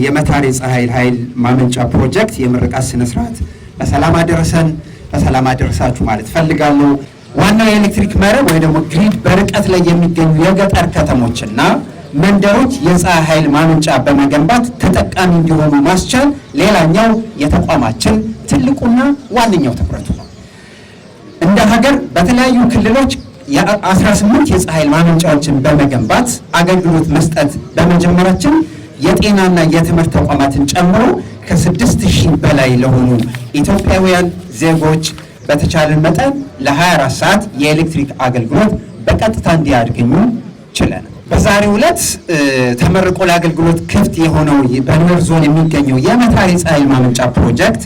የመታሪ ፀሐይ ኃይል ማመንጫ ፕሮጀክት የምርቃት ስነስርዓት በሰላም አደረሰን፣ በሰላም አደረሳችሁ ማለት ፈልጋለሁ። ዋናው የኤሌክትሪክ መረብ ወይ ደግሞ ግሪድ በርቀት ላይ የሚገኙ የገጠር ከተሞችና መንደሮች የፀሐይ ኃይል ማመንጫ በመገንባት ተጠቃሚ እንዲሆኑ ማስቻል ሌላኛው የተቋማችን ትልቁና ዋነኛው ትኩረቱ ነው። እንደ ሀገር በተለያዩ ክልሎች የ18 የፀሐይ ኃይል ማመንጫዎችን በመገንባት አገልግሎት መስጠት በመጀመራችን የጤናና የትምህርት ተቋማትን ጨምሮ ከ6000 በላይ ለሆኑ ኢትዮጵያውያን ዜጎች በተቻለ መጠን ለ24 ሰዓት የኤሌክትሪክ አገልግሎት በቀጥታ እንዲያገኙ ችለናል። በዛሬው ዕለት ተመርቆ ለአገልግሎት ክፍት የሆነው በኑዌር ዞን የሚገኘው የመታሪ ፀሐይ ማመንጫ ፕሮጀክት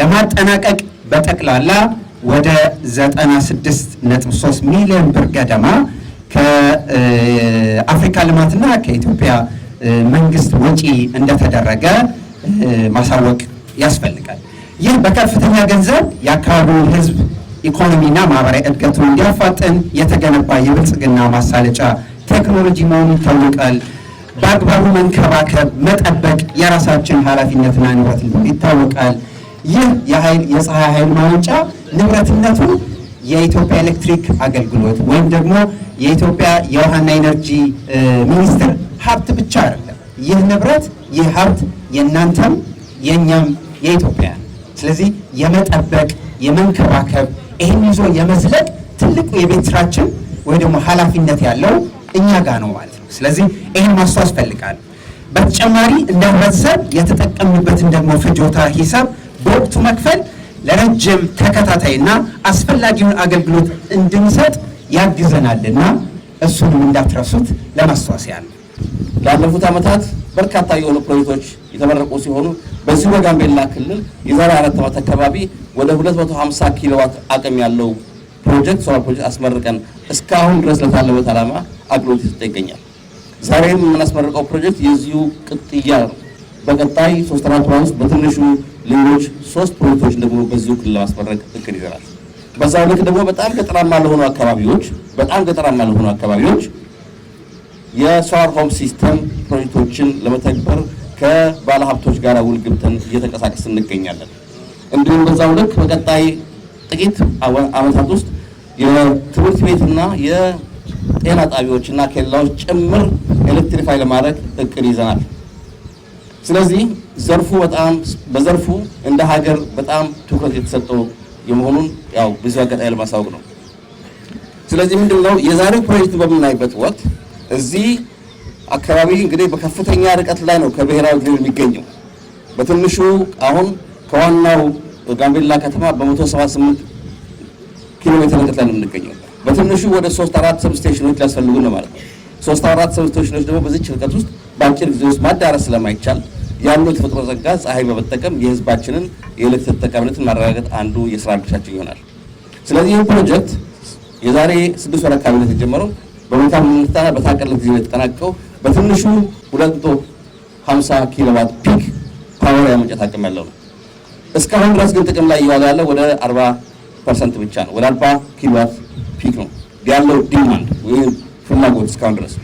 ለማጠናቀቅ በጠቅላላ ወደ 96.3 ሚሊዮን ብር ገደማ ከአፍሪካ ልማትና ከኢትዮጵያ መንግስት ወጪ እንደተደረገ ማሳወቅ ያስፈልጋል። ይህ በከፍተኛ ገንዘብ የአካባቢውን ህዝብ ኢኮኖሚና ማህበራዊ እድገቱን እንዲያፋጥን የተገነባ የብልጽግና ማሳለጫ ቴክኖሎጂ መሆኑ ይታወቃል። በአግባቡ መንከባከብ፣ መጠበቅ የራሳችን ኃላፊነትና ንብረት ይታወቃል። ይህ የፀሐይ ኃይል ማመንጫ ንብረትነቱ የኢትዮጵያ ኤሌክትሪክ አገልግሎት ወይም ደግሞ የኢትዮጵያ የውሃና ኤነርጂ ሚኒስቴር ሀብት ብቻ አይደለም። ይህ ንብረት ይህ ሀብት የእናንተም የእኛም የኢትዮጵያ ስለዚህ የመጠበቅ የመንከባከብ ይህን ይዞ የመዝለቅ ትልቁ የቤት ስራችን ወይ ደግሞ ኃላፊነት ያለው እኛ ጋር ነው ማለት ነው። ስለዚህ ይህን ማስታወስ እፈልጋለሁ። በተጨማሪ እንደ ህብረተሰብ የተጠቀምንበትን ደግሞ ፍጆታ ሂሳብ በወቅቱ መክፈል ለረጅም ተከታታይና አስፈላጊውን አገልግሎት እንድንሰጥ ያግዘናልና እሱንም እንዳትረሱት ለማስታወስ ያለው ላለፉት ዓመታት በርካታ የሆኑ ፕሮጀክቶች የተመረቁ ሲሆኑ በዚሁ በጋምቤላ ክልል የዛሬ አራት ዓመት አካባቢ ወደ 250 ኪሎዋት አቅም ያለው ፕሮጀክት ሶላር ፕሮጀክት አስመርቀን እስካሁን ድረስ ለታለበት ዓላማ አገልግሎት የተሰጠ ይገኛል። ዛሬም የምናስመርቀው ፕሮጀክት የዚሁ ቅጥያ ነው። በቀጣይ ሶስት አራት ወራት ውስጥ በትንሹ ሌሎች ሶስት ፕሮጀክቶች ደግሞ በዚሁ ክልል ለማስመረቅ እቅድ ይዘናል። በዛው ልክ ደግሞ በጣም ገጠራማ ለሆኑ አካባቢዎች በጣም ገጠራማ ለሆኑ አካባቢዎች የሶላር ሆም ሲስተም ፕሮጀክቶችን ለመተግበር ከባለሀብቶች ጋር ውል ግብተን እየተንቀሳቀስ እንገኛለን። እንዲሁም በዛው ልክ በቀጣይ ጥቂት ዓመታት ውስጥ የትምህርት ቤትና የጤና ጣቢያዎችና ኬላዎች ጭምር ኤሌክትሪፋይ ለማድረግ እቅድ ይዘናል። ስለዚህ ዘርፉ በጣም በዘርፉ እንደ ሀገር በጣም ትኩረት የተሰጠው የመሆኑን ያው ብዙ አጋጣሚ ለማሳወቅ ነው። ስለዚህ ምንድን ነው የዛሬው ፕሮጀክት በምናይበት ወቅት እዚህ አካባቢ እንግዲህ በከፍተኛ ርቀት ላይ ነው ከብሔራዊ ግድብ የሚገኘው። በትንሹ አሁን ከዋናው ጋምቤላ ከተማ በ178 ኪሎ ሜትር ርቀት ላይ ነው የምንገኘው። በትንሹ ወደ ሶስት አራት ሰብ ስቴሽኖች ሊያስፈልጉ ነው ማለት ነው። ሶስት አራት ሰብ ስቴሽኖች ደግሞ በዚች ርቀት ውስጥ በአጭር ጊዜ ውስጥ ማዳረስ ስለማይቻል ያሉ የተፈጥሮ ጸጋ ፀሐይ በመጠቀም የህዝባችንን የኤሌክትሪክ ተጠቃሚነትን ማረጋገጥ አንዱ የስራ ድርሻችን ይሆናል። ስለዚህ ይህ ፕሮጀክት የዛሬ ስድስት ወር አካባቢ የተጀመረው። በመልካም ሁኔታ በታቀለ ጊዜ የተጠናቀቀው በትንሹ 250 ኪሎዋት ፒክ ፓወር ያመንጨት አቅም ያለው ነው። እስካሁን ድረስ ግን ጥቅም ላይ እየዋለ ያለው ወደ 40 ፐርሰንት ብቻ ነው። ወደ 40 ኪሎዋት ፒክ ነው ያለው ዲማንድ ወይም ፍላጎት እስካሁን ድረስ።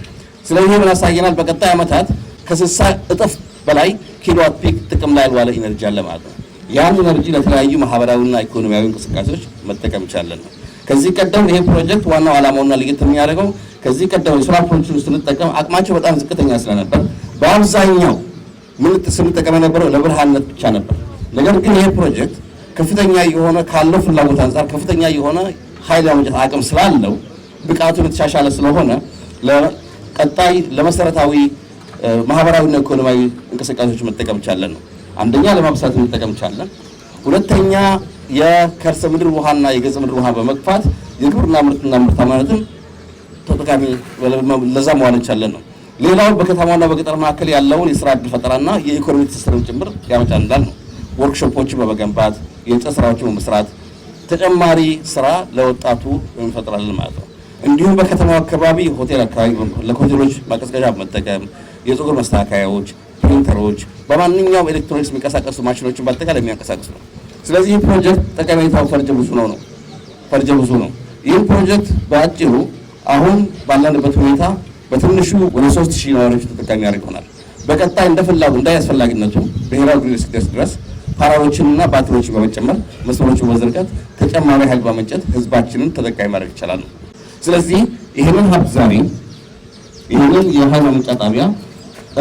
ስለዚህ ምን ያሳየናል? በቀጣይ ዓመታት ከ60 እጥፍ በላይ ኪሎዋት ፒክ ጥቅም ላይ ያልዋለ ኢነርጂ አለ ማለት ነው። ያን ኢነርጂ ለተለያዩ ማህበራዊና ኢኮኖሚያዊ እንቅስቃሴዎች መጠቀም ይቻላል ነው። ከዚህ ቀደም ይሄ ፕሮጀክት ዋናው ዓላማውና ልዩነት የሚያደርገው ከዚህ ቀደም የሶላር ስንጠቀም አቅማቸው በጣም ዝቅተኛ ስለነበር በአብዛኛው ምን ስንጠቀም የነበረው ለብርሃንነት ብቻ ነበር። ነገር ግን ይህ ፕሮጀክት ከፍተኛ የሆነ ካለው ፍላጎት አንጻር ከፍተኛ የሆነ ኃይል ማመንጨት አቅም ስላለው ብቃቱን የተሻሻለ ስለሆነ ለቀጣይ ለመሰረታዊ ማህበራዊና ኢኮኖሚያዊ እንቅስቃሴዎች መጠቀም ቻለን ነው። አንደኛ ለማብሳት መጠቀም ቻለን። ሁለተኛ የከርሰ ምድር ውሃና የገጽ ምድር ውሃ በመግፋት የግብርና ምርትና ምርታማነትን ተጠቃሚ ለዛ መዋል እንቻለን ነው። ሌላው በከተማና በገጠር መካከል ያለውን የስራ እድል ፈጠራና የኢኮኖሚ ትስስርን ጭምር ያመጫ እንዳል ነው። ወርክሾፖችን በመገንባት የእንጨት ስራዎችን በመስራት ተጨማሪ ስራ ለወጣቱ እንፈጥራለን ማለት ነው። እንዲሁም በከተማው አካባቢ ሆቴል አካባቢ ለሆቴሎች ማቀዝቀዣ በመጠቀም የፀጉር መስተካከያዎች፣ ፕሪንተሮች፣ በማንኛውም ኤሌክትሮኒክስ የሚንቀሳቀሱ ማሽኖችን በአጠቃላይ የሚያንቀሳቅሱ ነው። ስለዚህ ይህ ፕሮጀክት ጠቀሜታው ፈርጀ ብዙ ነው ነው ፈርጀ ብዙ ነው። ይህ ፕሮጀክት በአጭሩ አሁን ባለንበት ሁኔታ በትንሹ ወደ ሶስት ሺህ ነዋሪዎች ተጠቃሚ ያደርገናል። በቀጣይ እንደፈላጉ ፍላጎት እንደ አስፈላጊነቱ ብሔራዊ ግሪድ እስኪደርስ ድረስ ፓራዎችንና በመጨመር መስመሮችን በመዘርጋት ተጨማሪ ኃይል በመንጨት ህዝባችንን ተጠቃሚ ማድረግ ይቻላል። ስለዚህ ይህንን ሀብት ዛሬ ይህንን የኃይል ማመንጫ ጣቢያ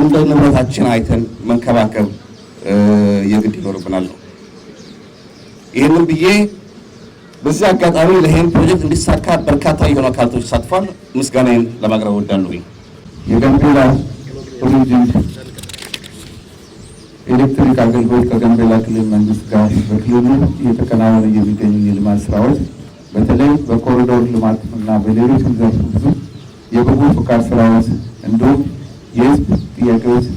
እንደ ንብረታችን አይተን መንከባከብ የግድ ይኖርብናል ነው ይህንን ብዬ በዚህ አጋጣሚ ለይህን ፕሮጀክት እንዲሳካ በርካታ የሆኑ አካላቶች ተሳትፏል። ምስጋናዬን ለማቅረብ እወዳለሁ። የጋምቤላ ኦሪጅን ኤሌክትሪክ አገልግሎት ከጋምቤላ ክልል መንግስት ጋር በክልሉ እየተከናወነ የሚገኙ የልማት ስራዎች በተለይ በኮሪዶር ልማት እና በሌሎች ዘርፍ ብዙ የበጎ ፈቃድ ስራዎች እንዲሁም የህዝብ ጥያቄዎች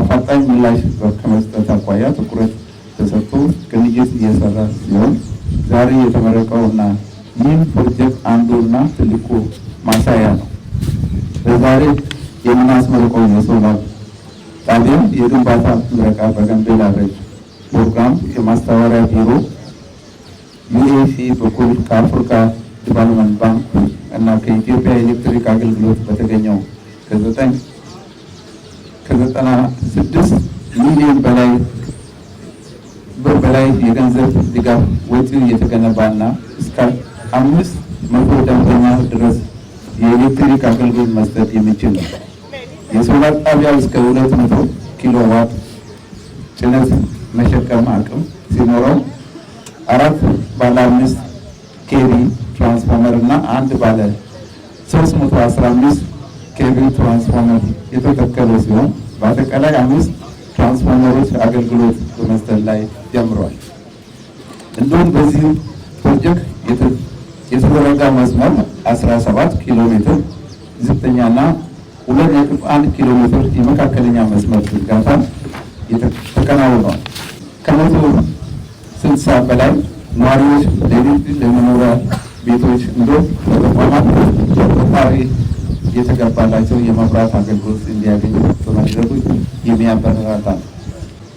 አፋጣኝ ምላሽ ከመስጠት አኳያ ትኩረት ተሰጥቶ ቅንጅት እየሰራ ሲሆን ዛሬ የተመረቀውና ይህም ፕሮጀክት አንዱና ትልቁ ማሳያ ነው። በዛሬ የምናስመርቀውን የሶላር ጣቢያ የግንባታ ምረቃ በጋምቤላ ሬንጅ ፕሮግራም የማስተባበሪያ ቢሮ ዩኤሲ በኩል ከአፍሪካ ዲቨሎፕመንት ባንክ እና ከኢትዮጵያ ኤሌክትሪክ አገልግሎት በተገኘው ከዘጠና ስድስት ሚሊዮን በላይ ብር በላይ የገንዘብ ድጋፍ ወጪ የተገነባና እስከ አምስት መቶ ደንበኛ ድረስ የኤሌክትሪክ አገልግሎት መስጠት የሚችል ነው። የሶላር ጣቢያ እስከ 200 ኪሎ ዋት ጭነት መሸከም አቅም ሲኖረው አራት ባለ አምስት ኬቪ ትራንስፎርመር እና አንድ ባለ 315 ኬቪ ትራንስፎርመር የተተከለ ሲሆን በአጠቃላይ አምስት ትራንስፎርመሮች አገልግሎት በመስጠት ላይ ጀምረዋል። እንዲሁም በዚህ ፕሮጀክት የተዘረጋ መስመር 17 ኪሎ ሜትር ዝቅተኛና 2.1 ኪሎ ሜትር የመካከለኛ መስመር ዝርጋታ ተከናውኗል። ከመቶ 60 በላይ ነዋሪዎች ለንግድ፣ ለመኖሪያ ቤቶች እንዲሁም ለተቋማት ቆጣሪ የተገባላቸው የመብራት አገልግሎት እንዲያገኙ በማድረጉ የሚያበረታታ ነው።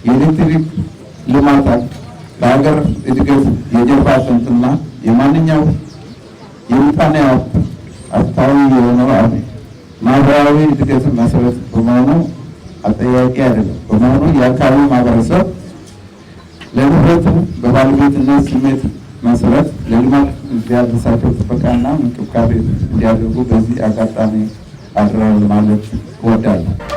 የኤሌክትሪክ ልማት ለሀገር እድገት የጀርባ አጥንትና የማንኛው የምጣኔ ሀብት አፍታዊ የሆነው ማህበራዊ እድገት መሰረት በመሆኑ አጠያቂ አይደለም። በመሆኑ የአካባቢው ማህበረሰብ ለንብረቱ በባለቤትነት ስሜት መሰረት ለልማት እንዲያደርሳቸው ጥበቃና እንክብካቤ እንዲያደርጉ በዚህ አጋጣሚ አደራ ለማለት እወዳለሁ።